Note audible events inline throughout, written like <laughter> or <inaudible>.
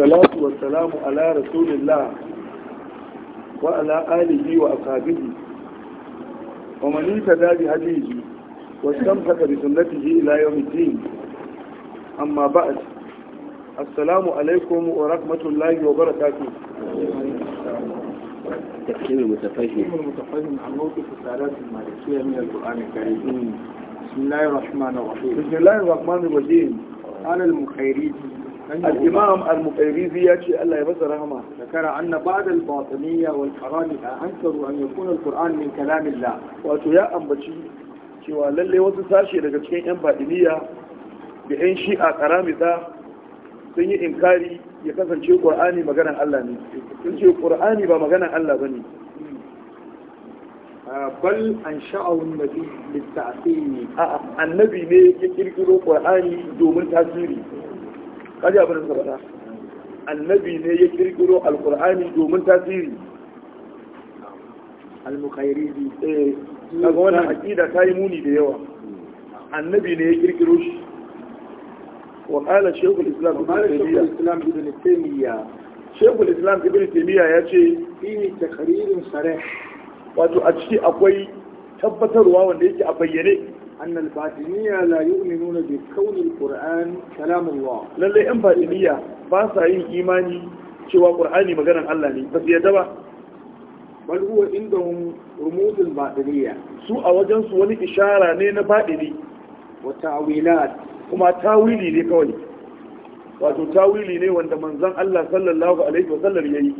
والصلاة والسلام على رسول الله وعلى آله وأصحابه ومن اهتدى بهديه واستمسك بسنته إلى يوم الدين أما بعد السلام عليكم ورحمة الله وبركاته التفسير المتفهم المتفهم عن موقف السعادات المالكية من القرآن الكريم بسم الله الرحمن الرحيم بسم الله الرحمن الرحيم أنا المخيرين الإمام المقيريزي ياتي الله يبصر رحمه ذكر أن بعض الباطنية والحرامية أنكروا أن يكون القرآن من كلام الله وأتويا أنبتي cewa lalle wasu sashe daga cikin 'yan badiniya da 'yan shi'a karamita sun yi inkari ya kasance ƙur'ani maganan Allah ne sun ce ƙur'ani ba maganan Allah ba ah, bal an sha'awun nabi littasiri annabi ne ya kirkiro ƙur'ani domin tasiri kaji abin da suka faɗa annabi ne ya kirkiro alkur'ani domin tasiri almukairi mukhairidi eh kaga wannan aqida ta yi muni da yawa annabi ne ya kirkiro shi wa qala shaykh al-islam ibn taymiya shaykh al-islam ibn taymiya ya ce fihi takririn sarih wato a ciki akwai tabbatarwa wanda yake a bayyane أن الباطنية لا يؤمنون بكون القرآن كلام الله للي أن باطنية فاسعين إيماني شوى قرآني مغانا الله لي بس يدبا بل هو عندهم رموز الباطنية سوء وجنس ولي إشارة نين باطني وتعويلات وما تاويلي لكولي wato tawili ne wanda manzon Allah sallallahu alaihi wa sallam yayi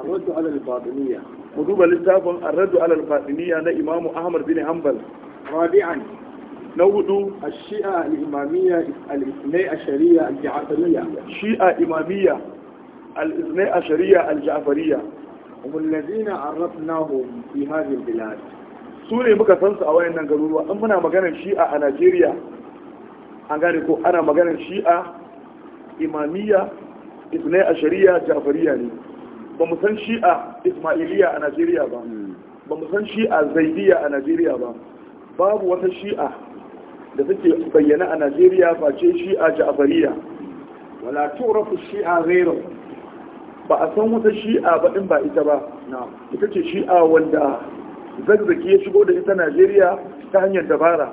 arraddu ala al-batiniyya ku duba littafin arraddu ala al-batiniyya na Imam Ahmad bin Hanbal rabi'an na hudu a shi'a al'imamiyya al'isnai a shari'a al-ja'afariya shi'a imamiyya al'isnai a shari'a al-ja'afariya wallazina arrafnahu fi hadhihi al-bilad su ne muka san su a wayannan garuruwa in muna maganar shi'a a Najeriya an gane ko ana maganar shi'a imamiyya isnai a shari'a ja'afariya ne ba mu san shi'a ismailiya a Najeriya ba hmm. ba mu san shi'a zaidiya a Najeriya ba babu wata shi'a da suke bayyana a Najeriya face shi'a Ja'fariya wala turafu shi'a ghairu ba a san wata shi'a ba din ba ita ba ita ce shi'a wanda zazzaki ya shigo da ita Najeriya ta hanyar dabara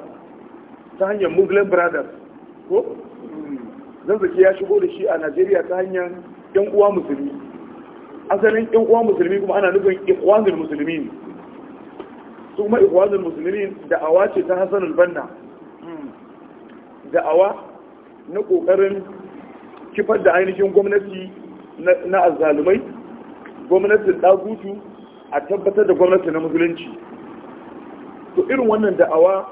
ta hanyar Muslim Brothers ko zazzaki ya shigo da shi a Najeriya ta hanyar yan uwa musulmi asalin yan uwa musulmi kuma ana nufin ikhwanul muslimin su kuma ikhwanul muslimin da awace ta Hassanul al-Banna da'awa na ƙoƙarin kifar da ainihin gwamnati na azalumai, gwamnatin ɗagutu a tabbatar da gwamnati na musulunci to irin wannan da'awa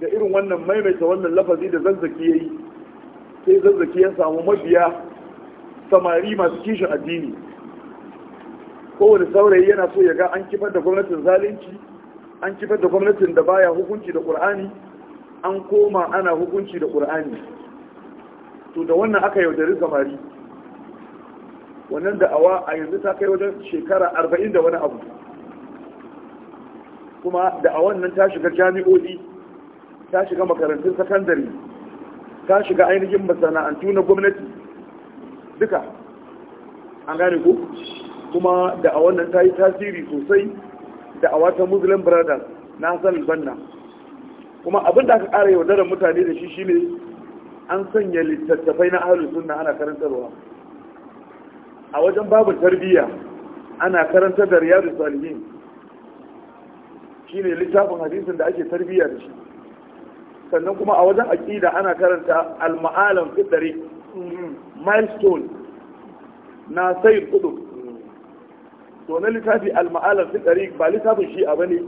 da irin wannan maimaita wannan lafazi da zazzaki ya yi sai zazzaki ya samu mabiya samari masu kishin addini kowane saurayi yana so ya ga an kifar da gwamnatin zalunci an kifar da gwamnatin da baya hukunci da ƙur'ani an koma ana hukunci da ƙur'ani to da wannan aka yaudari samari wannan da'awa a yanzu ta kai wajen shekara arba'in da wani abu kuma da'awan nan ta shiga jami'o'i ta shiga makarantun sakandare ta shiga ainihin masana'antu na gwamnati duka an gane ko kuma da'awan nan ta yi tasiri sosai da'awa ta muslim brothers na hassan banna kuma abin da aka ƙara yaudarar mutane da shi shine an sanya littattafai na ahlus sunna ana karantarwa a wajen babu tarbiyya ana karantar da riyadu salihin shine littafin hadisin da ake tarbiyya da shi sannan kuma a wajen aƙida ana karanta al-ma'alam fitari milestone na sayin kudu to na littafi al-ma'alam fitari ba littafin shi a bane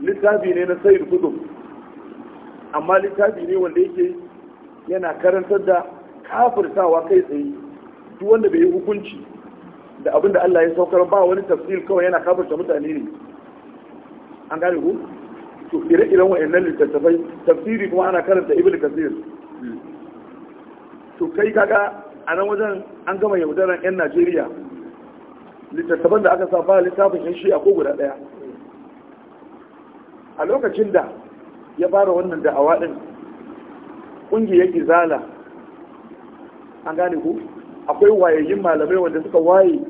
littafi ne na sayin kudu amma littafi ne wanda yake yana karantar da kafirtawa kai tsaye duk wanda bai yi hukunci da abin da Allah ya saukar ba wani tafsir kawai yana kafirta mutane ne an gane ku to ire-iren wa'annan littattafai tafsiri kuma ana karanta ibn kasir to kai kaga a nan wajen an gama yaudaran 'yan najeriya littattafan da aka sa ba littafin shi a ko guda daya a lokacin da ya fara wannan da'awa din ƙungiyar izala an gane ku akwai wayayyin malamai wanda suka waye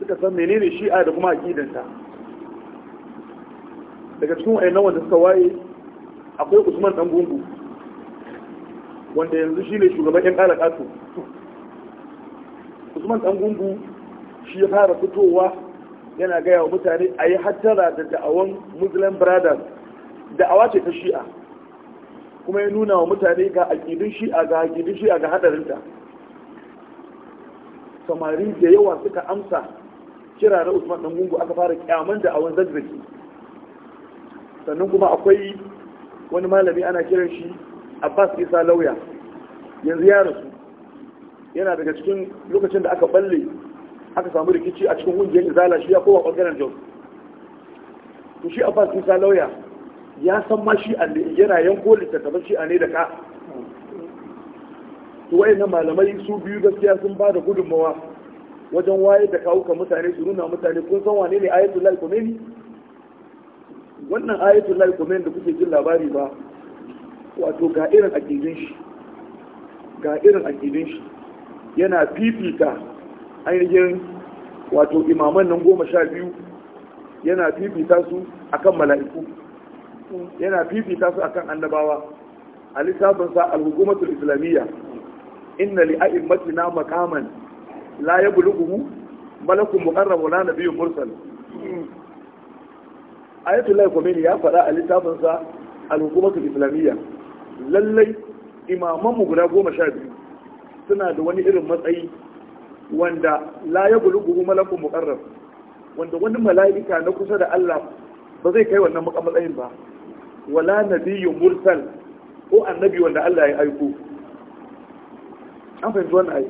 suka san menene shi'a da kuma aƙidanta daga cikin wayannan wanda suka waye akwai usman dan gungu wanda yanzu shi ne shugaban yan kalakatu usman dan gungu shi ya fara fitowa yana gaya wa mutane a yi hattara da da'awan muslim brothers da'awa ce ta shi'a kuma ya nuna wa mutane ga aƙidun shi'a ga aƙidun shi'a ga ta. samari da yawa suka amsa kira na usman dan gungu aka fara kyaman da awon sannan kuma akwai wani malami ana kiran shi abbas isa lauya yanzu ya rasu yana daga cikin lokacin da aka balle aka samu rikici a cikin ƙungiyar izala shi ya kowa ɓangaren jos to shi abbas isa lauya ya san ma shi a yana yanko littattafan shi a ne da ka Su wa'in na malamai su biyu gaskiya sun ba da gudunmawa wajen wayar da kawuka mutane su nuna mutane kun san wane ne ayatullahi khomeini wannan ayatullahi khomeini da kuke jin labari ba wato ga irin akidin shi ga irin akidin shi yana fifita ainihin wato imaman nan goma sha biyu yana fifita su akan mala'iku yana fifita su akan annabawa a lissafin sa al-hukumatul islamiyya inna li a'immatina maqaman la yablughu malakun muqarrab wala nabiyyun mursal ayatullahi khomeini ya faɗa a lissafin sa al-hukumatul islamiyya lallai imaman mu guda goma sha biyu suna da wani irin matsayi wanda la yablughu malakun muqarrab wanda wani mala'ika na kusa da Allah ba zai kai wannan matsayin ba wala nabiyu mursal ko annabi wanda Allah ya aiko an fahimci wannan ai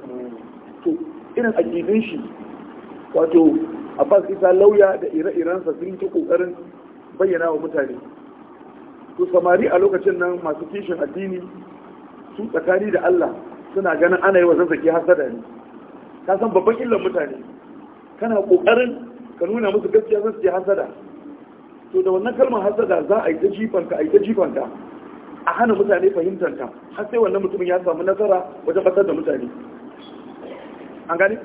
to irin aqidin shi wato Abbas Isa lauya da ire sa sun yi kokarin bayyana wa mutane to samari a lokacin nan masu kishin addini su tsakani da Allah suna ganin ana yi wa zazzaki hasada ne ka san babban illan mutane kana kokarin ka nuna musu gaskiya zazzaki hasada to da wannan kalmar hasada za a yi ta jifanka a yi ta jifanta a hana mutane fahimtar har sai wannan mutumin ya samu nasara wajen batar da mutane an gani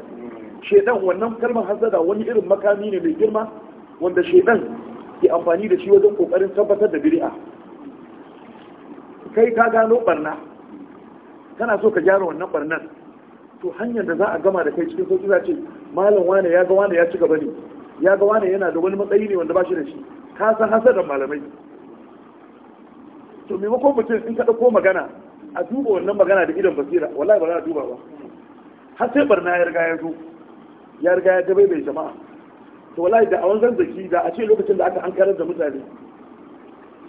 shedan wannan kalmar hasada wani irin makami ne mai girma wanda shedan ke amfani da shi wajen kokarin tabbatar da biri'a. kai ka gano barna kana so ka gyara wannan barnan to hanyar da za a gama da kai cikin sauki za ce malam wane ya ga wane ya ci gaba ne ya ga wane yana da wani matsayi ne wanda ba shi da shi ka san hasadar malamai to maimakon mutum in ka ɗauko magana a duba wannan magana da idan basira wallahi ba za a duba ba har sai barna ya riga ya zo ya riga ya dabai bai jama'a to wallahi da a wanzan zaki da a ce lokacin da aka ankarar da mutane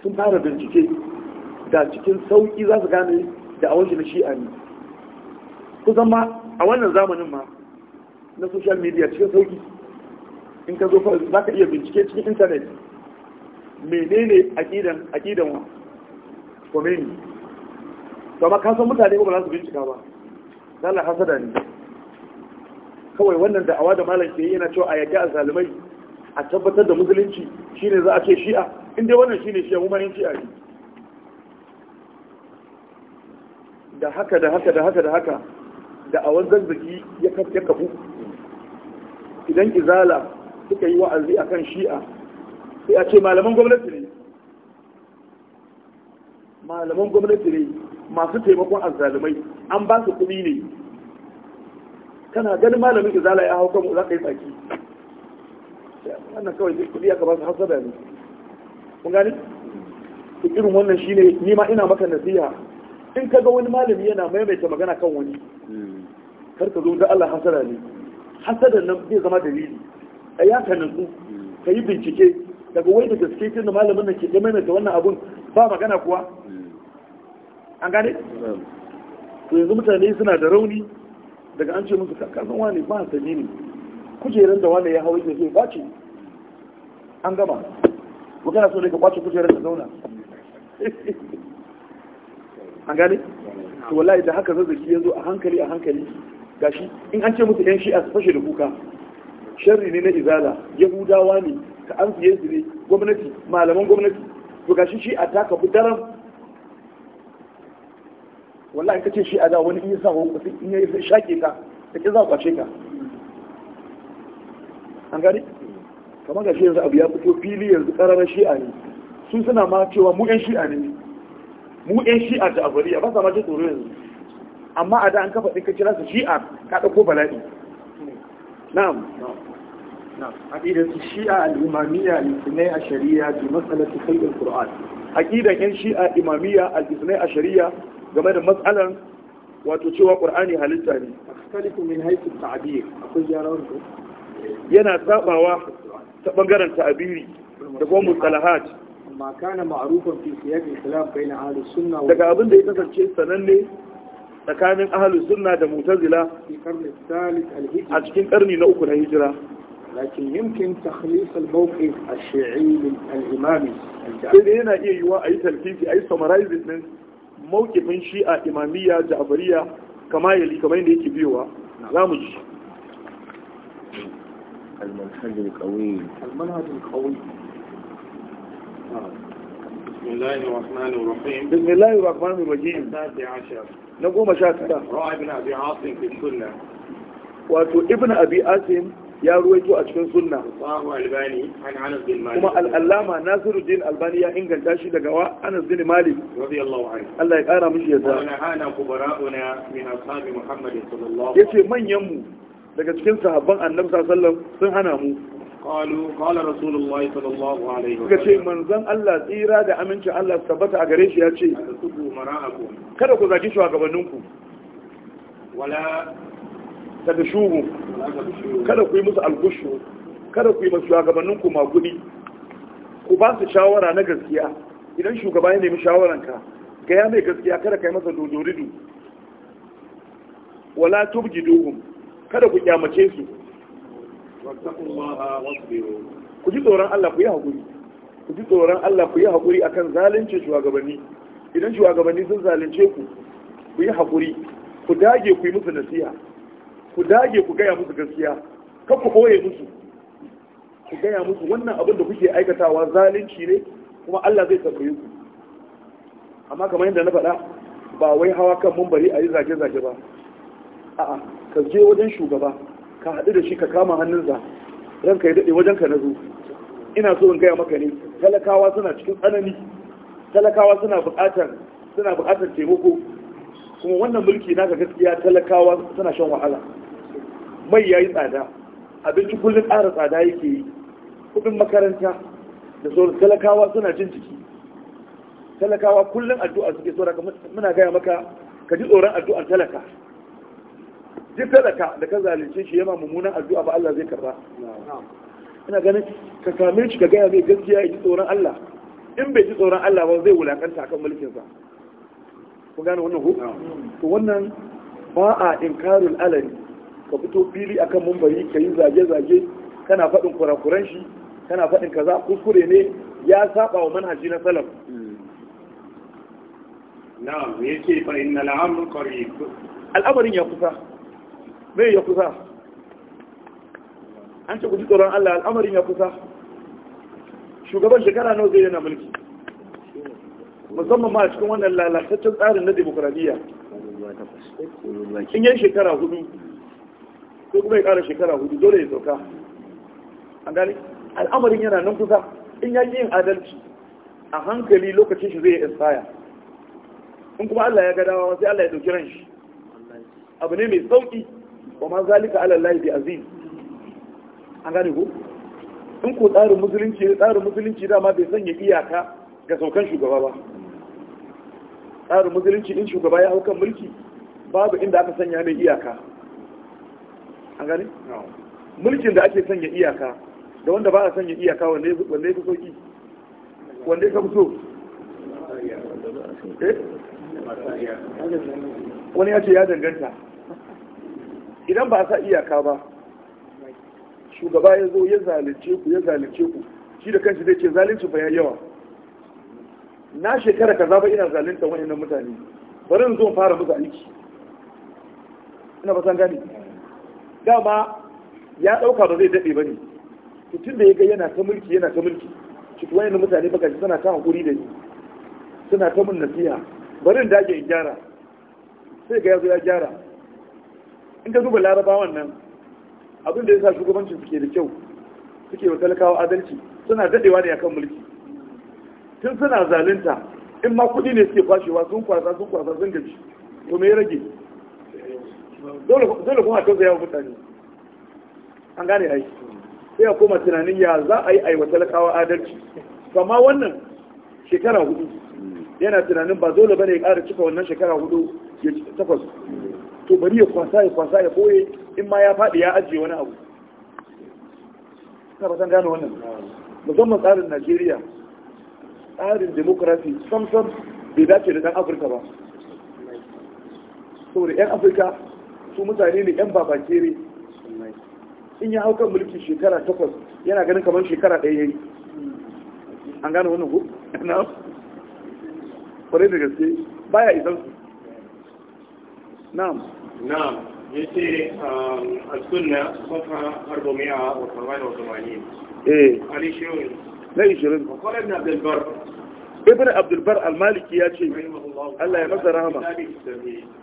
sun fara bincike da cikin sauƙi za su gane da a wanzan shi'a ne kusan ma a wannan zamanin ma na social media cikin sauƙi in ka zo za ka iya bincike cikin intanet menene aqidan aqidan wa komeni to amma kasan mutane ba za su bincika ba Allah hasada ne kawai wannan da'awa da malam ke yana cewa a yadda a a tabbatar da musulunci shine za a ce shi'a in dai wannan shine shi'a kuma ma yin shi'a ne da haka da haka da haka da haka da awan zazzaki ya kafu idan izala suka yi wa'azi akan shi'a sai a ce malaman gwamnati ne malaman gwamnati ne masu taimakon azalumai an ba su kuɗi ne kana ganin malamin izala ya hau kan za ka yi tsaki wannan kawai kuɗi aka ba su da ne kun gani irin wannan shine ne ma ina maka nasiha in ka ga wani malami yana maimaita magana kan wani kar ka zo ga Allah hasada ne hasadan nan zai zama dalili a ya ka nutsu ka yi bincike daga wani da gaske tun da malamin da ke da maimaita wannan abun ba magana kuwa an gane to yanzu mutane suna da rauni daga an ce musu kasan wani ba sani ne kujerar da wani ya hau yake zai kwace an gama magana so ne ka kwace kujerar da zauna <laughs> an gane to wallahi da haka zazzaki yanzu a hankali a hankali gashi in an ce musu yan shi'a su fashe da kuka sharri ne na izala yahudawa ne ka an siye su ne gwamnati malaman gwamnati to gashi shi a taka fi daren wallahi ka ce shi a da wani in yi sa in ya shake ka ka ki za kwace ka an gani kamar gashi yanzu abu ya fito fili yanzu kararar shi'a ne sun suna ma cewa mu yan shi'a ne mu yan shi'a da abariya ba sa ma ji tsoro yanzu amma a da an kafa ɗin ka kira su shi'a ka ɗauko bala'i na'am عقيدة الشيعة الإمامية الاثنى عشرية في مسألة خلق game da matsalar wato cewa ƙur'ani halitta ne min akwai yana sabawa ta bangaren ta'biri da kuma mustalahat amma kana ma'rufan fi siyaq sunna daga abin da ya kasance sananne tsakanin ahli sunna da mu'tazila a cikin karni na uku na hijira لكن يمكن تخليص الموقف الشيعي الإمامي sai yana أي yiwa أي yi talfisi a yi summarizing din mawkifin shi'a imamiyya كما kama yali kamar yadda yake المنهج القوي المنهج القوي بسم الله الرحمن الرحيم بسم الله الرحمن الرحيم السادس عشر نقوم شاكرا رأى ابن أبي عاصم في السنة وابن أبي عاصم ya ruwaito a cikin sunna kuma al'allama din albani ya inganta shi daga wa anas bin malik Allah ya kara mishi yadda ya ce manyanmu daga cikin sahabban annabi sallallahu sun hana mu قالوا ce manzan Allah tsira da amincin Allah tabbata a gare shi yace kada ku zaki shugabanninku wala ta da shuhu kada ku yi musu albushu kada ku yi masu shugabannin ku magudi ku ba su shawara na gaskiya idan shugaba ya nemi shawaranka ga ya mai gaskiya kada ka yi masa dodoridu wala tubji dogon kada ku kyamace su ku ji tsoron Allah ku yi haƙuri ku ji tsoron Allah ku yi haƙuri akan zalunci shugabanni idan shugabanni sun zalunce ku ku yi haƙuri ku dage ku yi musu nasiha ku dage ku gaya musu gaskiya kan ku koye musu ku gaya musu wannan abin da kuke aikatawa zalunci ne kuma Allah zai tambaye ku amma kamar yadda na faɗa ba wai hawa kan mumbari a yi zage-zage ba a'a ka je wajen shugaba ka haɗu da shi ka kama hannunsa ranka ya daɗe wajen ka na zo ina so in gaya maka ne talakawa suna cikin tsanani talakawa suna buƙatar suna buƙatar taimako kuma wannan mulki naka gaskiya talakawa suna shan wahala mai ya yi tsada abinci kullum ƙara tsada yake yi kuɗin makaranta da sauran talakawa suna jin jiki talakawa kullum addu'a suke saura muna gaya maka ka ji tsoron addu'ar talaka duk talaka da ka zalunce shi yana mummunan addu'a ba Allah zai karba ina ganin ka same shi ka gaya mai gaskiya ya ji tsoron Allah in bai ji tsoron Allah ba zai wulakanta akan mulkinsa ku gane wannan ku. to wannan ba a inkarul alari ka fito fili akan mumbari ka yi zage-zage kana faɗin kurakuran shi kana faɗin kaza kuskure ne ya saba wa manhaji na salaf na'am fa innal amru qarib al'amarin ya kusa me ya kusa an ce ku tsoron Allah al'amarin ya kusa shugaban shekara nawa zai yana mulki musamman ma a cikin wannan lalataccen tsarin na demokradiyya in yi shekara hudu sai kuma ya ƙara shekara hudu dole ya sauka an gani al'amarin yana nan kusa in ya yin adalci a hankali lokacin shi zai expire in kuma Allah ya ga dama sai Allah ya dauki ran shi abu ne mai sauki wa ma zalika ala Allah bi azim an gane ko in ko tsarin musulunci tsarin musulunci dama bai sanya iyaka ga saukan shugaba ba tsarin musulunci in shugaba ya hau kan mulki babu inda aka sanya mai iyaka an gani mulkin da ake sanya iyaka da wanda ba a sanya iyaka wanda ya fi sauki wanda ya fi so eh? wani ya ce ya danganta idan ba a sa iyaka ba shugaba ya zo ya zalunce ku ya zalice ku shi da kanshi zai ce zalunci ba ya yawa na shekara ka zaba ina zalunta wani mutane bari zo fara musu aiki ina ba san gani dama ya ɗauka ba zai daɗe ba ne tun da ya ga yana ta mulki yana ta mulki cikin wani mutane baka shi suna ta hankuri da ni suna ta mun nasiha barin dage in gyara sai ga yazo ya gyara in ka duba larabawan nan abin da ya sa shugabancin suke da kyau suke wa talakawa adalci suna daɗewa ne akan mulki tun suna zalunta in ma kuɗi ne suke kwashewa sun kwasa sun kwasa sun gaji to me ya rage dole kuma a tausaya wa mutane an gane ai sai a koma tunanin ya za a yi aiwata lakawa adalci amma wannan shekara hudu yana tunanin ba dole bane ya kara cika wannan shekara hudu ya takwas to bari ya kwasa ya kwasa ya koye in ma ya faɗi ya ajiye wani abu ina ba san gane wannan musamman tsarin Najeriya tsarin demokrasi samsam bai dace da ɗan Afirka ba saboda 'yan Afirka su mutane ne yan babakere in ya hau kan mulki shekara takwas yana ganin kamar shekara ɗaya yayi an gane wannan ko na kwarai da gaske baya isan su na'am na'am yace as safa 480 eh ali shirin na 20 wa qala ibn ibn abdulbar al-maliki ya ce Allah ya masa rahama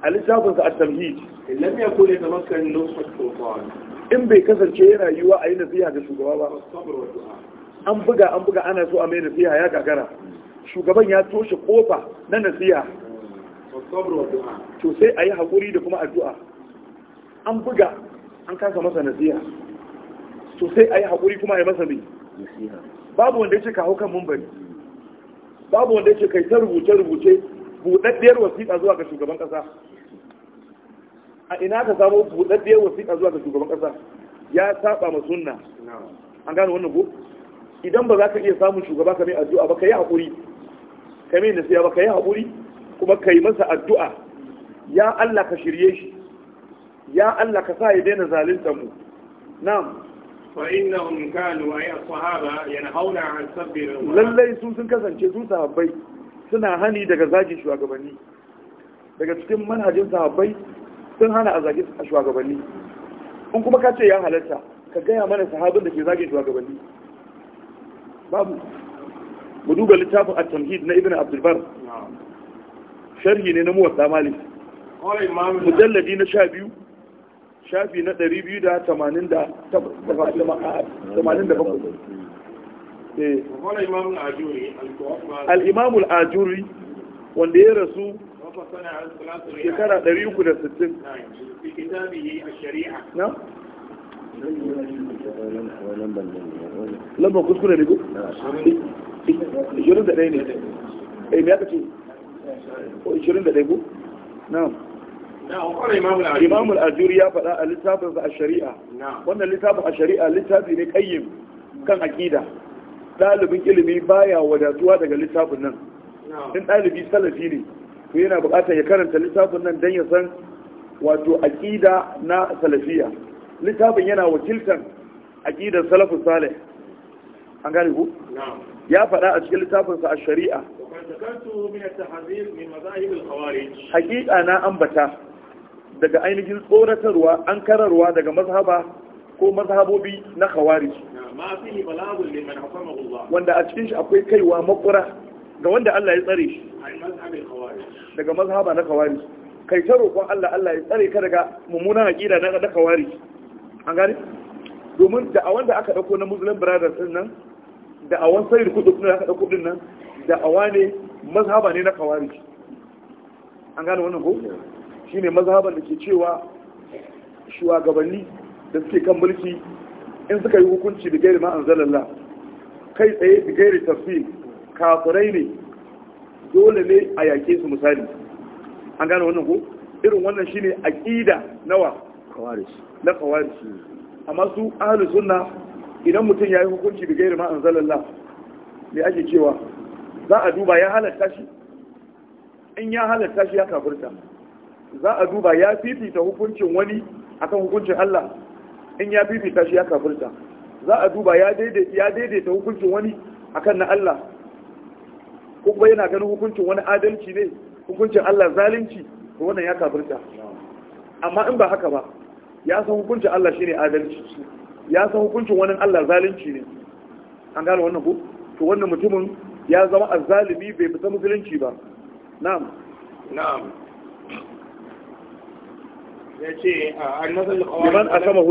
a littafinsa a tamhid in bai kasance yana yiwa a yi nasiha ga shugaba ba an buga an buga ana so a mai nasiha ya gagara shugaban ya toshe kofa na nasiha to sai a yi haƙuri da kuma addu'a an buga an kasa masa nasiha to sai a yi haƙuri kuma a yi masa mai babu wanda ya ce kawo kan mumbari babu wanda yake kai ta rubuce-rubuce buɗaɗɗiyar wasiƙa zuwa ga shugaban ƙasa a ina ka samu buɗaɗɗiyar wasiƙa zuwa ga shugaban ƙasa ya saba ma sunna an gane wannan ko idan ba za ka iya samun shugaba ka mai addu'a ba ka yi haƙuri ka mai nasiya ba ka yi haƙuri kuma ka yi masa addu'a ya Allah ka shirye shi ya Allah ka sa ya daina zalunta mu na'am lallai كانوا أي kasance su sahabbai suna hani daga zagin shugabanni daga cikin manhajin sahabbai sun hana a zagi shugabanni in kuma ka ce ya halatta ka gaya mana sahabin da ke zagin shugabanni babu mu duba littafin at-tamhid na ibn Abdulbar. sharhi ne na muwatta malik mujalladi na biyu. shafi na 287 eh. al'imamul ajuri wanda ya rasu shekara 360 na? lambar kuskure ne ku? 21 ne ya eh, da 21 ko? na'am Imam al-Ajuri ya faɗa a littafin a shari'a. Wannan littafin a shari'a littafi ne kayyim kan akida. Ɗalibin ilimi baya wadatuwa daga littafin nan. In ɗalibi salafi ne, to yana buƙatar ya karanta littafin nan don ya san wato akida na salafiya. Littafin yana wakiltar akidar salafin salih. An gane ku? ya faɗa a cikin littafinsa a shari'a. Hakika na ambata daga ainihin tsoratarwa an kararwa daga mazhaba ko mazhabobi na khawarij wanda a cikin shi akwai kaiwa makura ga wanda Allah ya tsare shi daga mazhaba na khawarij kai ta roƙon Allah Allah ya tsare ka daga mummunan aqida na da khawarij an gane domin da a wanda aka dauko na muslim brothers din nan da a wan sayyid kudu din aka dauko din nan da awane ne mazhaba ne na khawarij an gane wannan ko shine mazhaban da ke cewa shugabanni da suke kan mulki in suka yi hukunci da gairi ma'anzalallah kai tsaye da gairi tafi kafirai ne dole ne a yake su misali an gane wannan ko irin wannan shine aqida nawa khawarij na khawarij amma su ahli sunna idan mutum yayi hukunci da gairi ma'anzalallah me ake cewa za a duba ya halatta shi in ya halatta shi ya kafirta za a duba ya fifita hukuncin wani akan hukuncin Allah in ya fifita shi ya kafirta za a duba ya daidaita hukuncin wani akan na Allah ko kuma yana ganin hukuncin wani adalci ne hukuncin Allah zalunci ko wannan ya kafirta amma in ba haka ba ya san hukuncin Allah shine adalci ya san hukuncin wani Allah zalunci ne an gane wannan ko to wannan mutumin ya zama azzalimi bai fita musulunci ba na'am na'am Ah, ya ce an mazal kawari man akama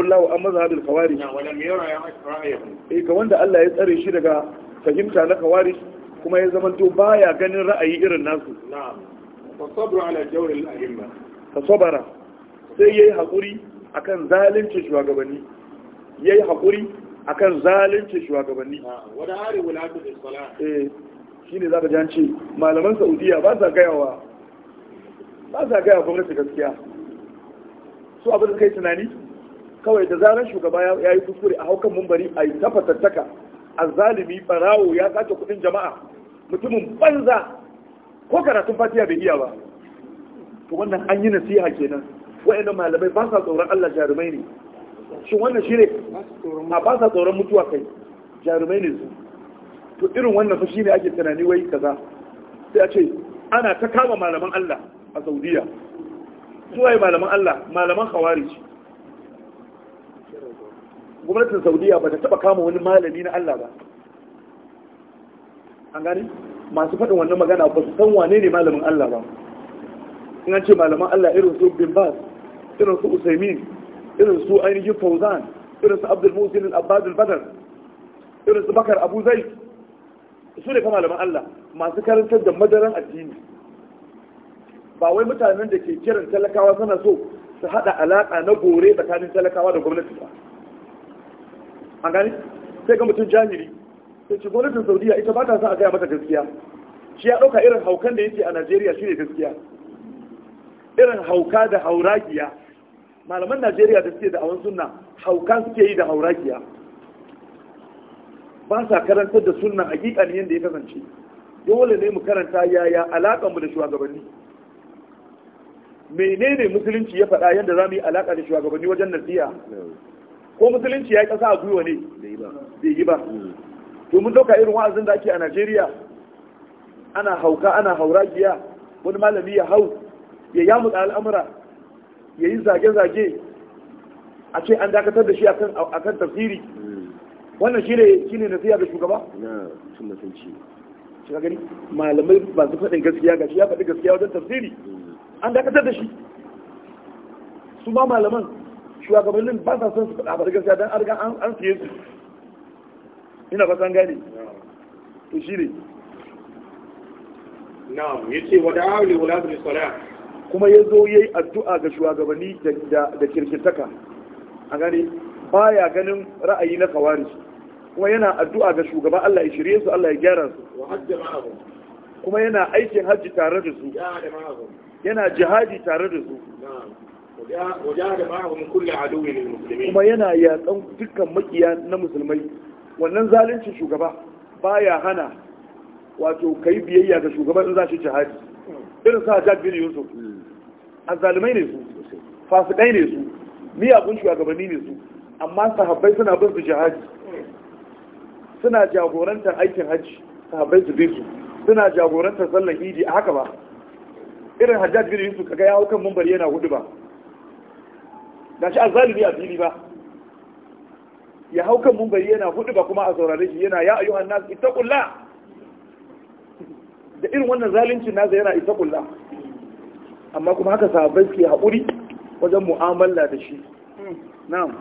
kawari walam eh ga wanda Allah ya tsare shi daga fahimta na kawari kuma ya zama to baya ganin ra'ayi irin nasu na'am fasabru ala jawr al a'imma fasabara sai yayi hakuri akan zalunci shugabanni yayi hakuri akan zalunci shugabanni wada hari wulatu bis salah eh shine zaka ji an ce malaman Saudiya ba sa gayawa ba sa gaya gwamnati gaskiya su abin da kai tunani kawai da zarar shugaba ya yi kuskure a haukan mumbari a yi tafatattaka a zalimi barawo ya sace kudin jama'a mutumin banza ko karatun fatiya bai iya ba to wannan an yi nasiha kenan wa'annan malamai ba sa tsoron Allah jarumai ne shin wannan shi ne a ba sa tsoron mutuwa kai jarumai ne su to irin wannan fashi ne ake tunani wai kaza sai a ce ana ta kama malaman Allah a Saudiya suwaye malaman Allah malaman khawarij gwamnatin saudiya ba ta taba kama wani malami na Allah ba an gani masu faɗin wannan magana ba su san wane ne malamin Allah ba in an ce malaman Allah irin su bin bas irin su usaimin irin su ainihin fauzan irin su abdul musin al-abbadul badar irin su bakar abu zai su ne fa malaman Allah masu karantar da madaran addini ba wai mutanen da ke kiran talakawa suna so su hada alaka na gore tsakanin talakawa da gwamnati ba an gani sai ga mutum jahiri sai ci gwamnatin saudiya ita ba ta sa a gaya mata gaskiya shi ya ɗauka irin haukan da yake a najeriya shine gaskiya irin hauka da hauragiya malaman najeriya da suke da awon sunna hauka suke yi da hauragiya ba sa karantar da sunna hakikanin yadda ya kasance dole ne mu karanta yaya alaƙanmu da shugabanni menene musulunci ya faɗa yadda za mu yi alaƙa da shugabanni wajen nasiya? ko musulunci ya yi ƙasa a gwiwa ne bai yi ba hmm. to mun ɗauka irin wa'azin da ake a najeriya ana hauka ana haura giya wani malami ya hau ya yamutsa al'amura ya yi zage-zage a ce an dakatar da shi a kan tafsiri hmm. wannan shi ne shi ne nasiya ga shugaba na cin mutunci shi gani malamai masu faɗin gaskiya ga shi ya faɗi gaskiya wajen tafsiri hmm. an dakatar da shi su ma malaman shugabannin ba sa son su faɗa ba gaskiya don arga an siye su ina ba san gane to shi ne na'am ce wa da'a wula da misali kuma yazo yi addu'a ga shugabanni da kirkintaka kirkirtaka a gane baya ganin ra'ayi na kawari kuma yana addu'a ga shugaba Allah ya shirye su Allah ya gyara su kuma yana aikin hajji tare da su yana jihadi tare da su kuma yana yakan dukkan makiya na musulmai wannan zalincin shugaba baya hana wato kai biyayya ga shugaban in za shi jihadi irin sa Hajjaj bin Yusuf zalumai ne su fasikai ne su miyakun shugabanni ne su amma sahabbai suna bin su jihadi suna jagorantar aikin hajji sahabbai su bi su suna jagorantar sallan idi a haka ba irin hajjaj bin yusuf kaga ya hau kan mumbari yana hudu ba ga shi azalibi a fili ba ya hau kan mumbari yana hudu ba kuma a saurare shi yana ya ayyuhan nas ittaqullah da irin wannan zalincin nasa yana ittaqullah amma kuma haka sahabbai suke haƙuri wajen mu'amala da shi na'am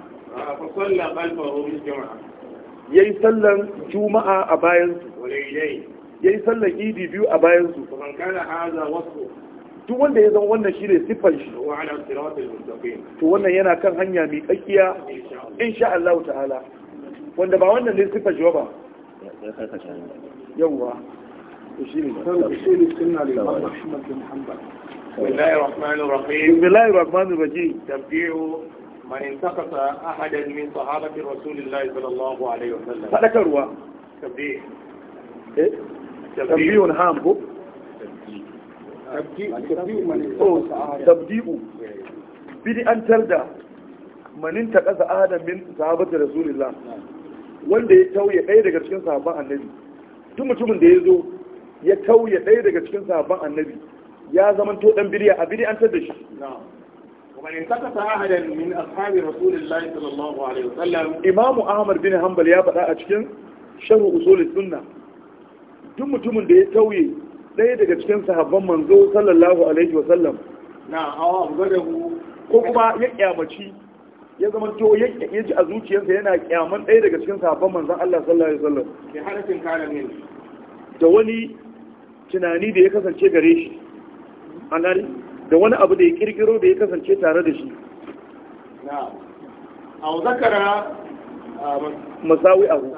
yayi sallan juma'a a bayan su yayi sallan idi biyu a bayan su kana haza wasu duk wanda ya zama wannan shine siffar shi to wannan yana kan hanya mai tsakiya insha Allah ta'ala wanda ba wannan ne siffar shi ba yawa da Muhammad بسم الله الرحمن الرحيم بسم من انتقص احدا من صحابه رسول الله صلى الله عليه وسلم Oh, tabdi'u bid'antar da manin ta ƙasa adam min sahabatu rasulullah wanda ya tauye ɗaya daga cikin sahabban annabi duk mutumin da ya zo ya tauye ɗaya daga cikin sahabban annabi ya to dan bidiya a bid'antar da shi ومن انتقص احدا من اصحاب رسول الله صلى الله عليه وسلم امام احمد بن ya faɗa a cikin sharh usul sunna duk mutumin da ya tauye ɗaya daga cikin sahabban manzo sallallahu alaihi wa sallam na hawa gadahu ko kuma ya kyamaci ya zama to ya ji a zuciyarsa yana kyaman ɗaya daga cikin sahabban manzo Allah sallallahu alaihi wa sallam ke harafin kana da wani tunani da ya kasance gare shi da wani abu da ya kirkiro da ya kasance tare da shi na a zakara masawi abu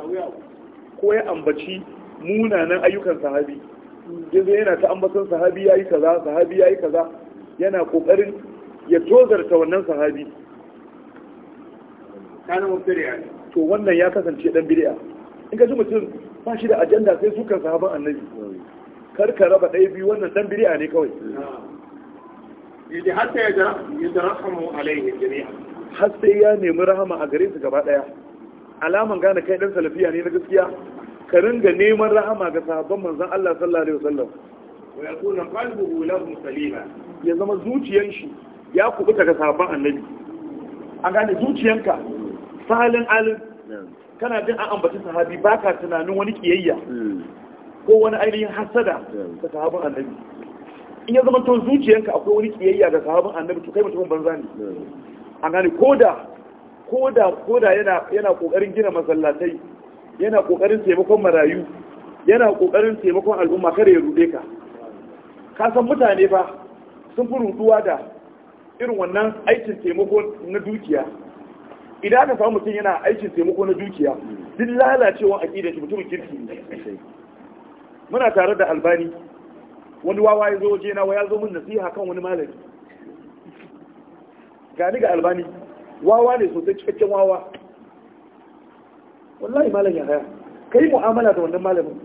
ko ya ambaci munanan ayyukan sahabi yanzu yana ta ambaton sahabi ya yi kaza sahabi ya yi kaza yana kokarin ya tozarta wannan sahabi to wannan ya kasance dan bid'a in ka ji mutum ba shi da ajanda sai su kan sahaban annabi kar ka raba ɗaya biyu wannan dan bid'a ne kawai ya har sai ya nemi rahama a gare su gaba ɗaya alaman gane kai ɗan salafiya ne na gaskiya ka ringa neman rahama ga sahabban manzon Allah sallallahu alaihi wasallam wa yakuna qalbuhu lahum salima ya zama zuciyan shi ya kubuta ga sahabban annabi an gane zuciyanka salin alin kana jin an ambaci sahabi baka tunanin wani kiyayya ko wani ainihin hasada ga sahabban annabi in ya zama to zuciyanka akwai wani kiyayya ga sahabban annabi to kai mutumin banza ne an gane koda koda koda yana yana kokarin gina masallatai yana kokarin taimakon marayu yana kokarin taimakon al'umma kada ya rude ka ka san mutane ba sun fi ruduwa da irin wannan aikin taimako na dukiya idan aka samu mutum yana aikin taimako na dukiya duk lalacewa aqidar shi mutumin kirki ne muna tare da albani wani wawa ya zo waje na ya zo min nasiha kan wani malami gani ga albani wawa ne sosai cikakken wawa wallahi malam ya haya ka yi mu'amala da wannan malamin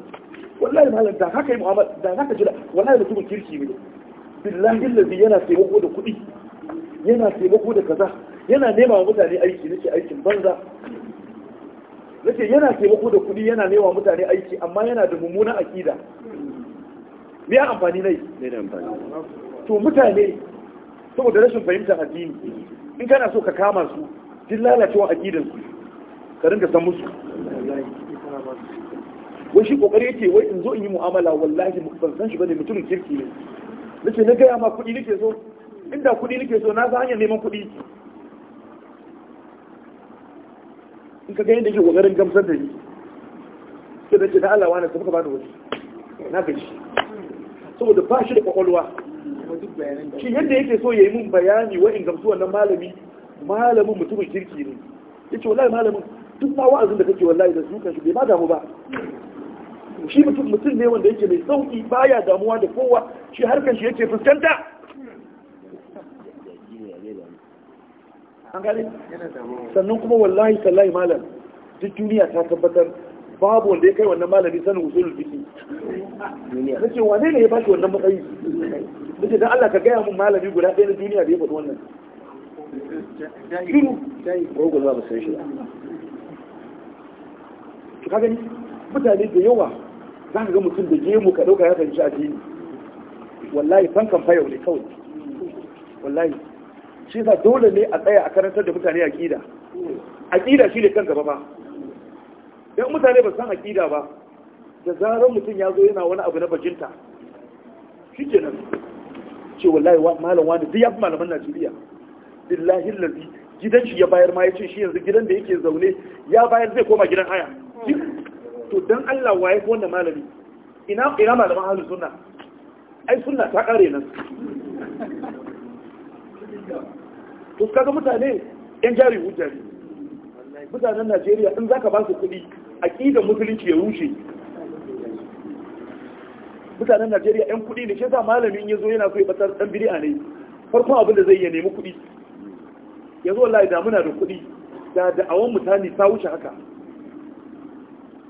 wallahi malam da haka yi mu'amala da haka jira wallahi tubin kirki ne billahi lazi yana taimako da kuɗi yana taimako da kaza yana nema wa mutane aiki nake aikin banza nake yana taimako da kuɗi yana nema wa mutane aiki amma yana da mummunan akida me ya amfani nai to mutane saboda rashin fahimtar addini in kana so ka kama su din lalacewa su. ka rinka san musu wai shi kokari yake wai in zo in yi mu'amala wallahi ban san shi bane mutumin kirki ne nace na gaya ma kuɗi nake so inda kuɗi nake so na san hanyar neman kuɗi in ka ga yadda yake kokarin gamsar da ni sai da ce na Allah wani sai ka bani wani na gaji saboda ba shi da kwakwalwa shi yadda yake so ya yi mun bayani in gamsu wannan malami malamin mutumin kirki ne yace wallahi malamin duk ma wa'azin da kake wallahi da sukan shi bai ma damu ba shi mutum ne wanda yake mai sauki baya damuwa da kowa shi harkan shi yake fuskanta an gane sannan kuma wallahi sallahi malam duk duniya ta tabbatar babu wanda ya kai wannan malami sanin usulul fiqh wane ne ya bashi wannan matsayi nace dan Allah ka gaya mun malami guda ɗaya na duniya da ya faɗi wannan to ka gani mutane da yawa za ka ga mutum da gemu ka ɗauka ya fahimci addini wallahi san kan fayau ne kawai wallahi shi yasa dole ne a tsaya a karantar da mutane aqida aqida shi ne kan gaba ba dan mutane ba san aqida ba da zarar mutum ya zo yana wani abu na bajinta shi nan ce wallahi malam wani duk ya fi malaman Najeriya billahi lalzi gidan shi ya bayar ma ya ce shi yanzu gidan da yake zaune ya bayar zai koma gidan haya to dan Allah waye ko wannan malami ina ina malaman ahlus sunna ai sunna ta kare nan to kaga mutane yan jari hujjari mutanen Najeriya in zaka ba su kuɗi da musulunci ya rushe mutanen Najeriya yan kuɗi ne shi yasa malamin yazo yana so ya batar dan bid'a ne farkon abin da zai yi nemi kuɗi yanzu wallahi da muna da kuɗi da da'awan mutane ta wuce haka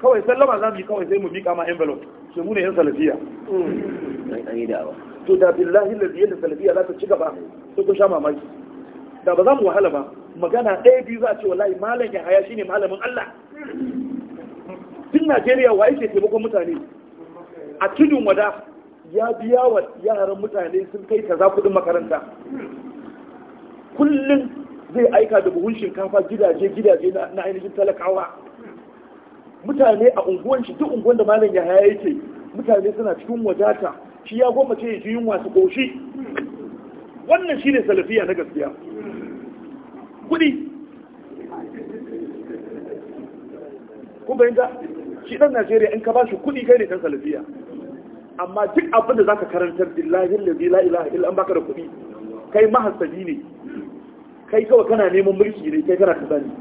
kawai sallama za mu yi kawai sai mu miƙa ma envelope su mu ne yan salafiya to da billahi biyar da salafiya za ta ci gaba sai kun sha mamaki da ba za mu wahala ba magana ɗaya biyu za a ce wallahi malam ya haya shine malamin Allah tun Najeriya wa yake taimakon mutane a tudun wada ya biya wa yaran mutane sun kai kaza kuɗin makaranta kullum zai aika da buhun shinkafa gidaje gidaje na ainihin talakawa mutane a unguwan shi duk unguwan da malam yahaya yake mutane suna cikin wadata shi ya goma ce ji yunwa su koshi wannan shi ne salafiya na gaskiya kudi kun bayyanta shi dan najeriya in ka ba shi kudi kai ne dan salafiya amma duk abin da zaka karantar billahi allazi la ilaha illa an baka da kudi kai mahasabi ne kai kawai kana neman mulki ne kai kana kaza ne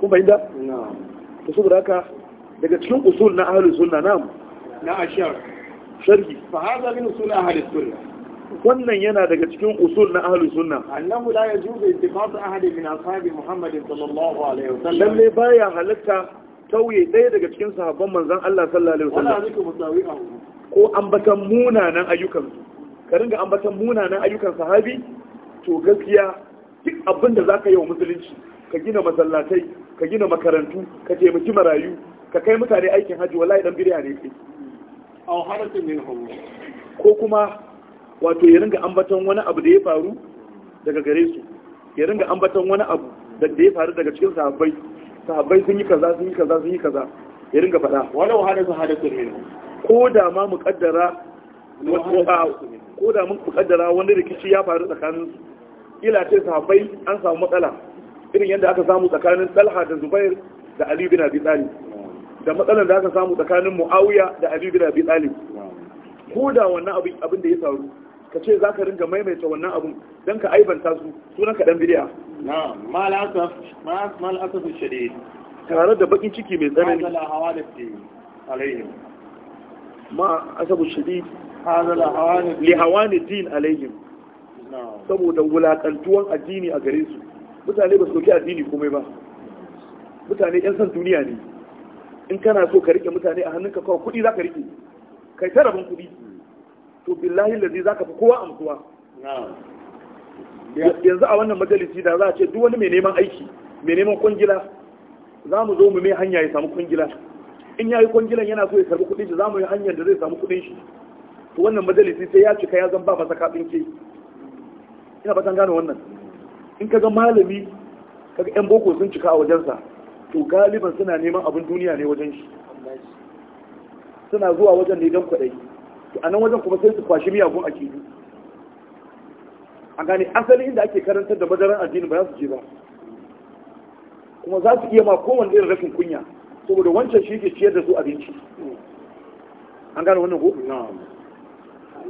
kun bayyanta na'am to saboda haka daga cikin usul na ahlus sunna nam na ashar sharhi fa hada min usul ahlus sunna wannan yana daga cikin usul na ahlus sunna annahu la yajuzu ittifaq ahali min ashabi muhammadin sallallahu alaihi wasallam lalle baya halatta tauye ɗaya daga cikin sahabban manzon Allah sallallahu alaihi wasallam ko ambatan munanan ayyukan ka ringa ambatan munanan ayyukan sahabi to gaskiya duk abin da zaka yi wa musulunci ka gina masallatai ka gina makarantu ka taimaki marayu ka kai mutane aikin hajji wallahi dan birya ne kai aw haratin minhum ko kuma wato ya ringa ambaton wani abu da ya faru daga gare su ya ringa ambaton wani abu da ya faru daga cikin sahabbai sahabbai sun yi kaza sun yi kaza sun yi kaza ya ringa faɗa walau hadathu sun minhu ko da ma mu kaddara ko da mun kaddara wani rikici ya faru tsakanin su ila ce sahabbai an samu matsala irin yadda aka samu tsakanin talha da zubair da ali bin abi talib da matsalar da aka samu tsakanin muawiya da ali bin abi talib ko da wannan abin da ya faru ka ce za ka ringa maimaita wannan abun don ka aibanta su sunan kaɗan bidiya. na mal'asafu shade tare da bakin ciki mai tsanani ma asabu shade li hawa ne din alaihim saboda wulakantuwan addini a gare su mutane ba su doki addini komai ba mutane yan san duniya ne in kana so ka rike mutane a hannunka kawo kuɗi za ka rike kai ta rabin kuɗi to billahi lazi za ka fi kowa amsuwa yanzu a wannan majalisi da za a ce duk wani mai neman aiki mai neman kwangila za mu zo mu mai hanya ya samu kwangila in ya yi kwangilan yana so ya karbi kuɗin shi za mu yi hanyar da zai samu kuɗin shi to wannan majalisi sai ya cika ya zan ba masa kaɗin ke ina ba gano wannan in kaga malami kaga yan boko sun cika a wajensa to galiban suna neman abin duniya ne wajen shi suna zuwa wajen ne don kwaɗayi to a nan wajen kuma sai su kwashi miyagun akidu a gane asali inda ake karantar da madaran addini ba za su je ba kuma za su iya ma kowanne irin rashin kunya saboda wancan shi ke ciyar da su abinci an gane wannan ko?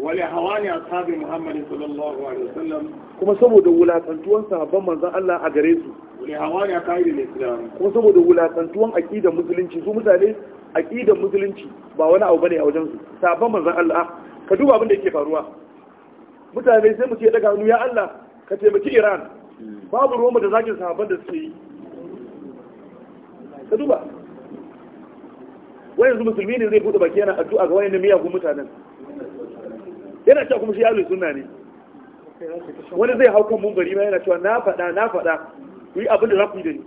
wale hawani ashabi muhammad sallallahu alaihi wasallam kuma saboda wulakantuwan sahabban manzon Allah a gare su wale hawani akaidul islam kuma saboda wulakantuwan aqidar musulunci su mutane aqidar musulunci ba wani abu bane a wajen su sahabban manzon Allah ka duba abin da yake faruwa mutane sai mu ce daga hannu ya Allah ka taimaki Iran babu Roma da zagin sahabban da suke yi ka duba wayanzu musulmi ne zai bude baki yana addu'a ga wayannan miyagun mutanen yana cewa kuma shi ahlus sunna ne wani zai hau kan mumbari ma yana cewa na faɗa na faɗa ku yi abin da za ku yi da ni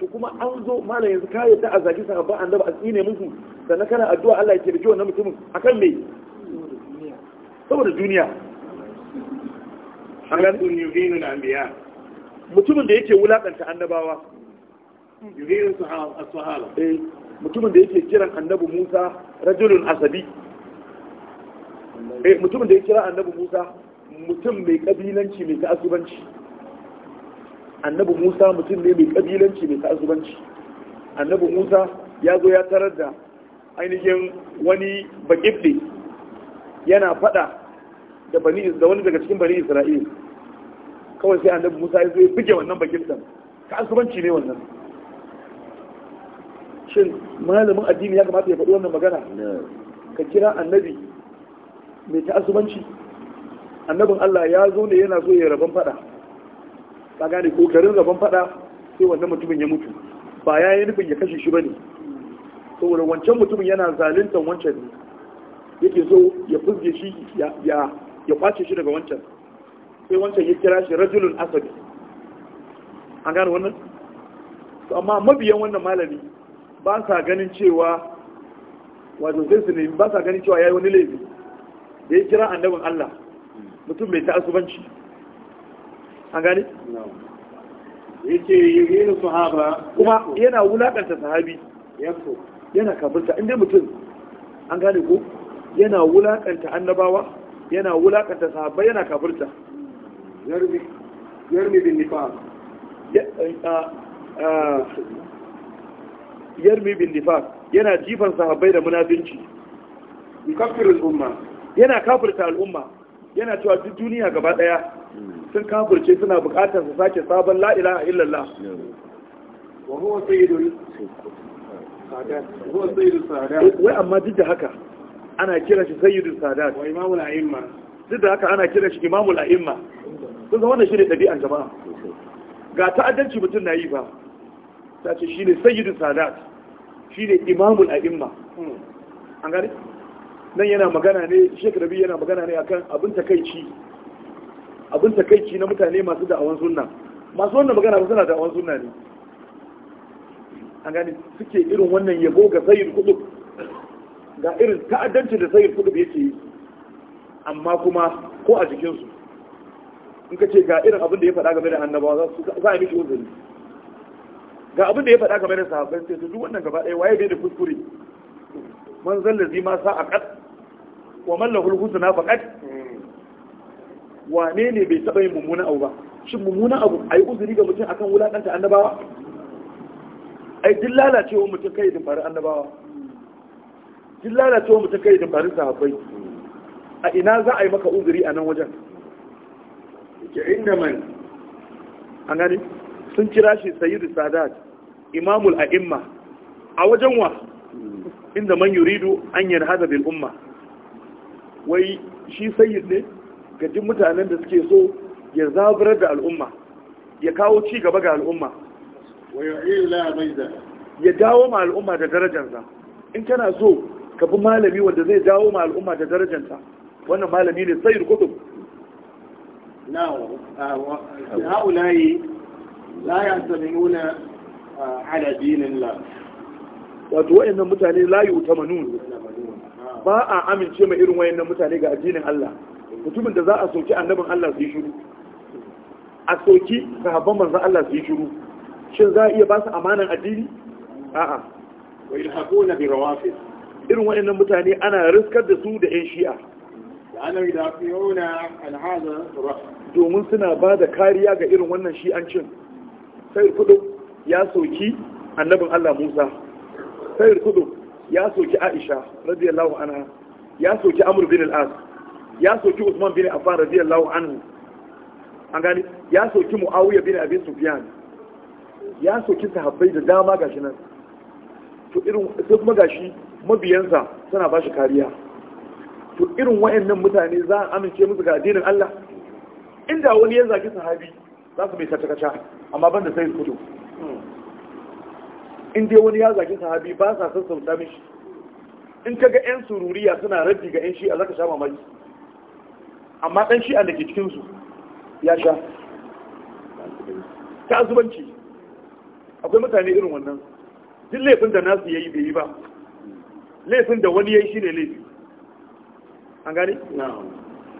to kuma an zo malam yanzu kayi ta a zagi sahabba annabi a tsine musu sannan kana addu'a Allah ya kirkiyo wannan mutumin akan me saboda duniya halatun yuhinul anbiya mutumin da yake wulakanta annabawa yuhinul sahaba eh, mutumin da yake kiran annabi Musa rajulun asabi Mutum eh, mutumin da ya kira annabi Musa mutum mai kabilanci mai ta'azubanci annabi Musa mutum ne mai kabilanci mai ta'azubanci annabi Musa ya zo ya tarar da ainihin wani bakifle yana fada da bani da wani daga cikin bani Isra'il kawai sai annabi Musa ya zo ya buge wannan bakiftan ta'azubanci ne wannan shin malamin addini ya kamata ya faɗi wannan magana ka kira annabi mai ta'assubanci annabin Allah ya zo ne yana so ya rabon fada ka gane kokarin rabon fada sai wannan mutumin ya mutu ba ya yi nufin ya kashe shi bane saboda wancan mutumin yana zaluntar wancan ne yake so ya fuzge shi ya kwace shi daga wancan sai wancan ya kira shi rajulun asabi an gane wannan amma mabiyan wannan malami ba sa ganin cewa wato zai su ne ba sa ganin cewa ya yi wani laifi da ya kira annabin Allah mutum mai ta'asubanci an gane yace yirina sahaba kuma yana wulakanta sahabi yana kafinta inda mutum an gane ko yana wulakanta annabawa yana wulakanta sahabai, yana kafinta. yarmi yarmi bin nifaq yarmi bin nifaq yana jifan sahabai da munafinci yukaffirul umma yana kafirta al'umma yana cewa duk duniya gaba daya sun kafirce suna bukatar su sake sabon la ilaha illallah wa huwa sayyidul sadat huwa sayyidul sadat wai amma duk da haka ana kira shi sayyidul sadat wa imamul a'imma duk da haka ana kira shi imamul a'imma kun san wannan shine dabi'an jama'a ga ta'addanci mutum na yi ba ta ce shine sayyidul sadat shine imamul a'imma hmm. an gane nan yana magana ne shekara biyu yana magana ne akan abin takaici abin takaici na mutane masu da'awan sunna masu wannan magana ba suna da'awan sunna ne an gani suke irin wannan yabo ga sayyid kutub ga irin ta'addanci da sayyid kutub yake yi amma kuma ko a jikinsu in ka ce ga irin abin da ya faɗa game da annabawa za su a miki uzuri ga abin da ya faɗa game da sahabbai sai su duk wannan gaba ɗaya waye bai da kuskure man zallazi ma sa a wa mallahul husna faqat wane ne bai taba yin mummuna abu ba shin mummuna abu ai uzuri ga mutum akan wulakanta annabawa ai duk lalacewa mutum kai din faru annabawa duk lalacewa mutum kai din faru sahabbai a ina za a yi maka uzuri a nan wajen ke inda man an gani sun kira shi sayyidu sadat imamul a'imma a wajen wa hmm. inda man yuridu an yarhada bil umma wai shi sayyid ne ga duk mutanen da suke so ya zaburar da al'umma ya kawo ci gaba ga al'umma ya dawo ma al'umma da darajarsa in kana so ka bi malami wanda zai dawo ma al'umma da darajarsa wannan malami ne sayyid kutub هؤلاء لا يعتمدون على دين الله wato wa'annan mutane layu ta ba a amince mai irin wayannan mutane ga addinin Allah mutumin da za a soki annabin Allah su yi shiru a soki sahabban manzon Allah su yi shiru shin za a iya ba su amanan addini a'a wa ilhaquna bi rawafid irin wayannan mutane ana riskar da su da yan shi'a ana yudafiuna an hada domin suna ba da kariya ga irin wannan shi'ancin sai kudu ya soki annabin Allah Musa sai kudu ya soki Aisha radiyallahu anha ya soki Amr bin al-As ya soki Usman bin Affan radiyallahu anhu an gani ya soki Muawiya bin Abi Sufyan ya soki sahabbai da dama gashi nan to irin sai kuma gashi mabiyansa suna ba shi kariya to irin wayannan mutane za a amince musu ga addinin Allah inda wani ya zaki sahabi za su mai kaca amma ban da sai su fito in dai wani ya zagi sahabi ba sa sassauta mishi in ka ga 'yan sururiya suna rabbi ga 'yan shi a zaka sha mamaki amma ɗan shi'a da ke cikinsu ya sha ta zubanci akwai mutane irin wannan duk laifin da nasu ya yi bai yi ba laifin da wani ya yi shi ne laifi an gani? na'am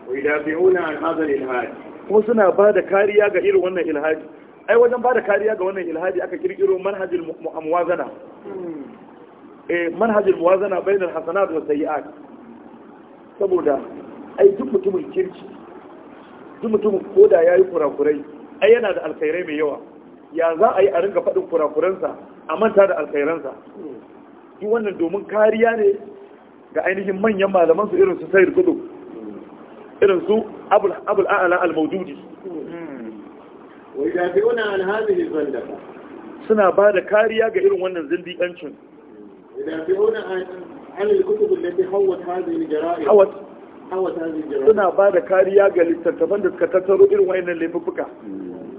wai da bai wuna al'adar ilhaji kuma suna ba da kariya ga irin wannan ilhaji ai wajen ba da kariya ga wannan ilhadi aka kirkiro manhajin muwazana eh manhajul muwazana bainal hasanat wa sayyi'at saboda ai duk mutumin kirki duk mutumin koda yayi kurakurai ai yana da alkhairai mai yawa ya za a yi a ringa faɗin kurakuransa a manta da alkhairansa duk wannan domin kariya ne ga ainihin manyan malaman su irin su sayyid kudu irin su abul a'la al maududi ويدافعون عن هذه الزندقة suna ba da kariya ga irin wannan zindiƙancin suna ba da kariya ga littattafan da suka tattaro irin wannan laifuka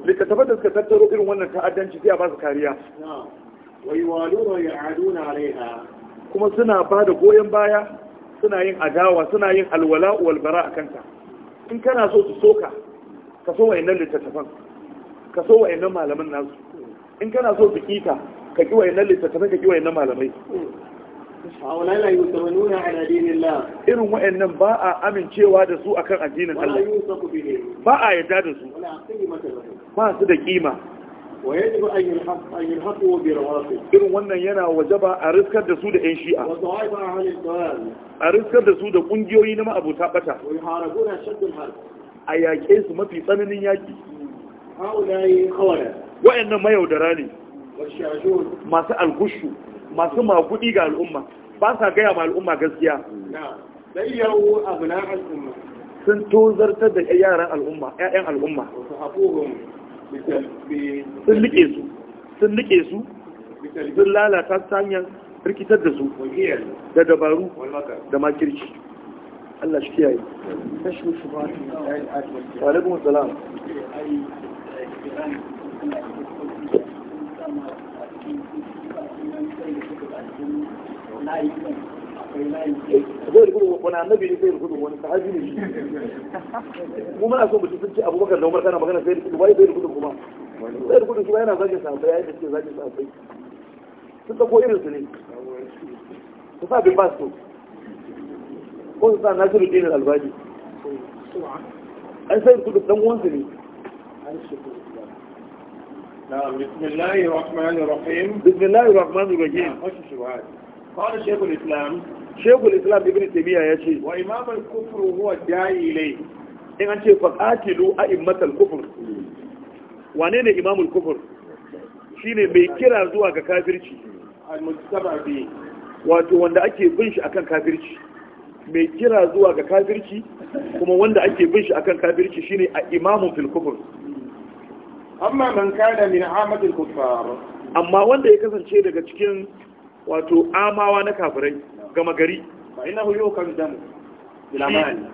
littattafan da suka tattaro irin wannan ta'addanci sai a ba su kariya kuma suna ba da goyon baya suna yin adawa suna yin alwala walbara a kanta in kana so su soka ka so wayannan littattafan ka so wayannan malaman nasu in kana so su kita ka ki wayannan littattafai ka ki wayannan malamai haulai la yusamanuna ala irin wayannan ba a amincewa da su akan addinin Allah ba a yarda da su ba su da kima ويجب أن يلحقوا برواسط إن وانا ينا وجبا أرزكر دسو دا إن a riskar da su da kungiyoyi na ma'abuta bata أبو تابتا ويحاربون شد A yaƙe su mafi tsananin yaƙi. wa'annan mayaudara ne masu algushu masu magudi ga al'umma ba sa gaya ma al'umma gaskiya sun tozartar da yaran al'umma 'ya'yan al'umma sun nike su sun nike su sun lalata ta hanyar rikitar da su da dabaru da makirci Allah shi kiyaye. yi Wa salam. zai rubuta wani annabi ne zai rubuta wani sahabi ne mu muna so mutum sun ce abubakar da umar kana magana sai rubuta wai zai rubuta kuma zai rubuta kuma yana zagin sahabbai yayin da suke zagin sahabbai sun tsako irin su ne su sa bin basu ko su sa nasiru dinin albani an sai rubuta dan uwansu ne بسم الله الرحمن الرحيم بسم الله الرحمن الرحيم قال شيخ الاسلام شيخ الاسلام ابن تيميه يا شيخ وإمام الكفر هو الداعي اليه ان أنت فقاتلوا ائمه الكفر وأنين امام الكفر shine mai kira zuwa ga kafirci wato wanda ake bin shi akan kafirci mai kira zuwa ga kafirci kuma wanda ake bin shi akan kafirci shine a imamun fil kufur amma man kana min amatil kuffar amma wanda ya kasance daga cikin wato amawa na kafirai gama gari fa innahu yukan damu bil aman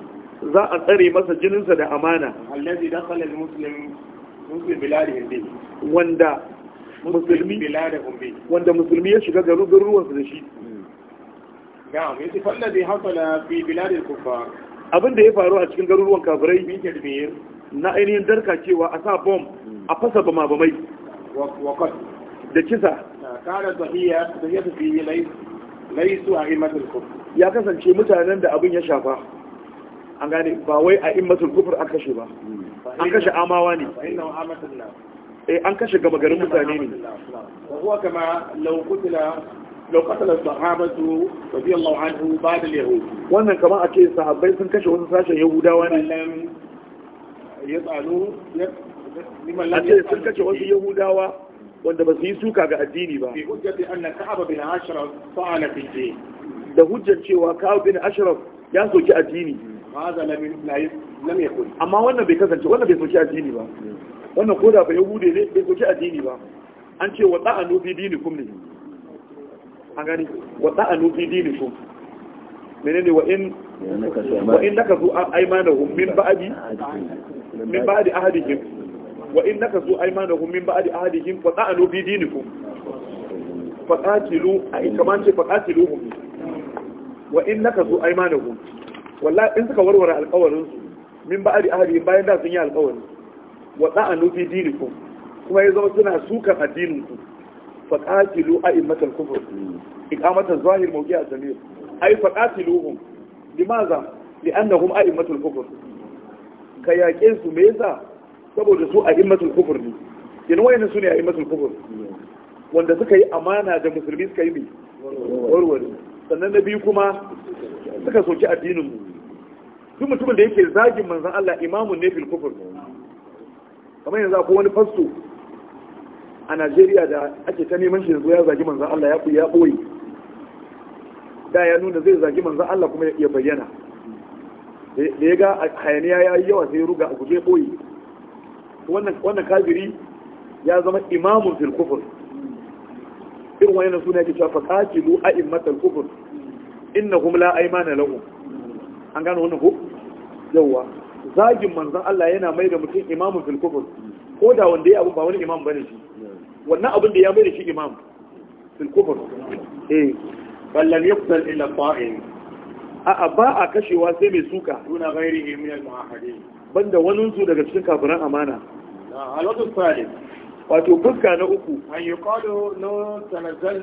za a tsare masa jininsa da amana allazi dakhala al muslim muslim biladihim bi wanda musulmi biladihum bi wanda musulmi ya shiga garu garuruwansu da shi na'am yace fallazi hasala fi biladil kuffar abinda ya faru a cikin garuruwan kafirai min tadbir na ainihin darka cewa a sa bom a fasa bama bamai da kisa ya kasance mutanen da abin ya shafa an gane ba wai a immatul kufur an kashe ba hmm. an kashe amawa ne eh an kashe gaba garin mutane ne kuwa kama laukutula laukatala sahabatu radiyallahu anhu ba da yahudi wannan kama a ce sahabbai sun kashe wasu sashen yahudawa ne a ce sun kace wasu yahudawa wanda ba su yi suka ga addini ba da hujjar cewa ka'ab bin ashraf ya soki addini amma wannan bai kasance wannan bai soki addini ba wannan ko da ba yahude ne bai soki addini ba an ce wa ta'anu fi kum ne an gani wa ta'anu fi kum. menene wa in wa innaka zu aymanahum min ba'di min ba'di ahadihim wa innaka zu aymanahum min ba'di ahadihim fa ta'alu bi dinikum fa qatilu kaman ce fa qatiluhum wa innaka zu aymanahum wallahi in suka warware alƙawarin su min ba'di ahadihim bayan da sun yi alƙawari wa ta'alu bi dinikum kuma ya zama suna sukan addinin ku fa qatilu a'immatal kufr iqamatan zahir mawqi'a zamir ay fa qatiluhum limaza annahum a'immatul kufr ka yaƙe su me yasa saboda su a'immatul kufr ne yana wayannan su ne a'immatul kufr wanda suka yi amana da musulmi suka yi ne warware sannan na biyu kuma suka soki addinin mu duk mutumin da yake zagin manzon Allah imamun ne fil kufr kamar yanzu akwai wani fasto a Najeriya da ake ta neman shi yanzu ya zagi manzon Allah ya ya koyi da ya nuna zai zagi manzan Allah kuma ya bayyana da ya ga hayaniya ya yi yawa sai ya ruga a guje boye wannan kafiri ya zama imamun fil kufur irin wannan suna yake cewa faqatilu a'immatal kufur innahum la aymana lahum an gano wannan ko yawa zagin manzan Allah yana mai da mutum imamun fil kufur ko da wanda ya abu ba wani imam bane shi wannan abin da ya mai da shi imam fil kufur eh ballan yaqbal illa ta'in a ba a kashewa sai mai suka duna ghairihi min al-mu'ahidin banda wannan su daga cikin kafiran amana alwadu salih wato fuska na uku an yuqalu law tanazzal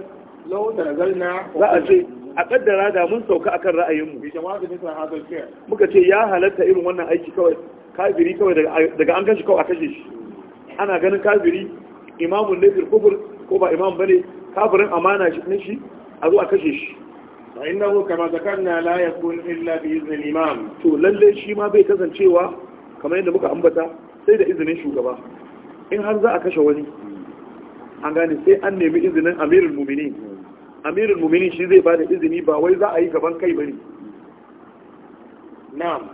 law tanazzalna za a ce a kaddara da mun sauka akan ra'ayinmu bi jama'a da hada shay'a muka ce ya halatta irin wannan aiki kawai kafiri kawai daga an kashi kawai a kashe shi ana ganin kafiri imamun ne fil kufur ko ba imam bane kafirin amana shi ne shi a zuwa kashe shi fa innahu kama zakarna la yakun illa bi izni imam to lalle shi ma bai kasancewa kamar yadda muka ambata sai da izinin shugaba in har za a kashe wani an gane sai an nemi izinin amirul mu'minin amirul mu'minin shi zai bada izini ba wai za a yi gaban kai ba bane na'am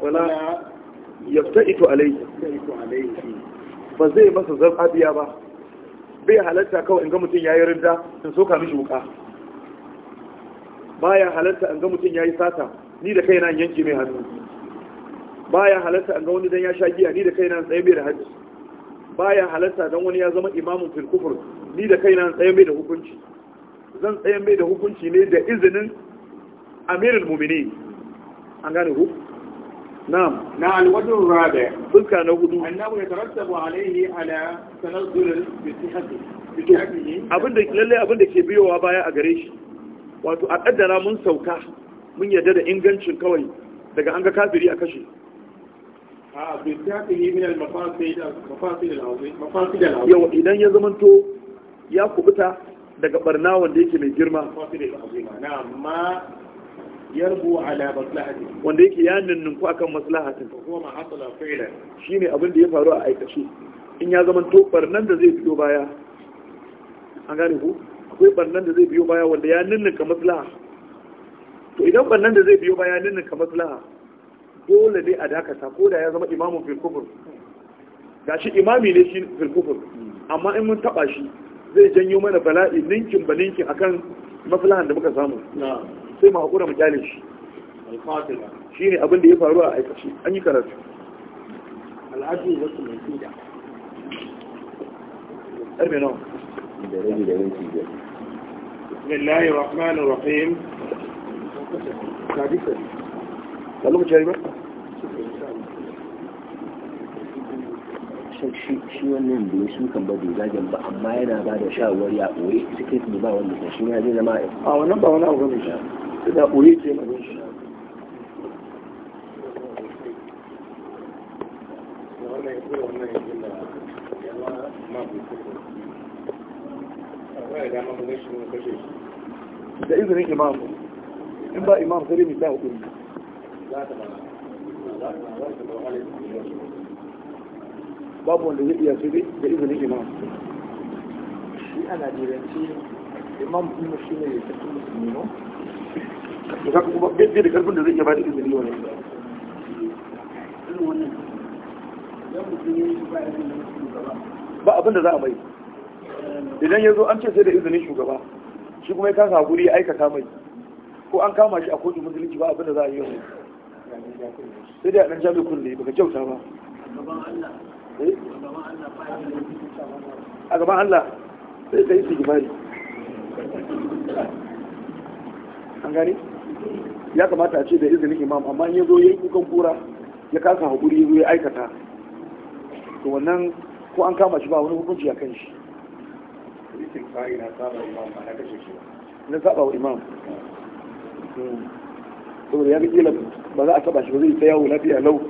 wala yaftaitu alayhi ba zai masa zan abiya ba bai halatta kawai in ga mutum ya yi rinda in soka mishi wuka ya halatta in ga mutum ya yi sata ni da kaina yanke mai hannu Ba ya halatta in ga wani dan ya sha giya ni da kaina tsaye mai da hajji. Ba ya halatta dan wani ya zama imamun fil kufur ni da kaina tsaye mai da hukunci zan tsaye mai da hukunci ne da izinin amirul mu'minin an gane ku نعم نعم الوجه الرابع فكا نهدو أنه يترتب عليه على تنزل بصحته lalle abin da ke biyowa baya a gare shi wato a ɗaddara mun sauka mun yarda da ingancin kawai daga an ga kafiri a kashe a idan ya zamanto ya kubuta daga ɓarna wanda yake mai girma yarbu ala maslahati wanda yake ya nanninku akan maslahatin kuma ma hasala fa'ila shine abin da ya faru a aikace in ya zama to barnan da zai biyo baya an gane ku akwai barnan da zai biyo baya wanda ya ka maslaha to idan barnan da zai biyo baya ya ka maslaha dole ne a dakata ko da ya zama imamun fil kufur gashi imami ne shi fil kufur amma in mun taba shi zai janyo mana bala'i ninkin ba ninkin akan maslahan da muka samu na'am sai mu haƙura mu shi shi ne abin da ya faru a aikace an yi karatu al'adu wasu mai fida ƙarfe nan da rage da yanki da bismillahir rahmanir rahim kadisa da lokaci ba shi wannan da ya shukan ba bai zagin ba amma yana ba da shawari a ɓoye suke su ba wanda shi ne zai zama a wannan ba wani abu ne da ɓoye ke mai shi da izinin in ba imam sai hukumi babu wanda zai iya sai da izinin imam shi a imam ne ya musulmi da kuma bai da karfin da zai iya ba da izini wani ba abin da za a mai idan ya zo an ce sai da izinin shugaba shi kuma ya kasa hakuri ya aikata mai ko an kama shi a kotun musulunci ba abin da za a yi wani sai da ɗan jami'in kulle baka kyauta ba eh? a gaban Allah sai ka yi sigimari an gane ya kamata a ce da izinin imam amma in ya zo ya yi kukan kura ya kasa haƙuri ya zo ya aikata to wannan ko an kama shi ba wani hukunci a kan shi na saba wa imam hmm. saboda ya ga kila ba za a saba shi ba zai ta yawo lafiya lau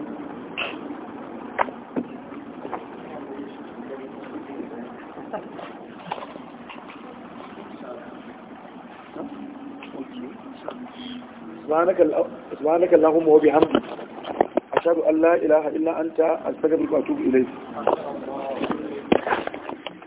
subhanaka allahumma wa bihamdika ashhadu ashadu allah ilaha illa anta astaghfiruka wa atubu ilayk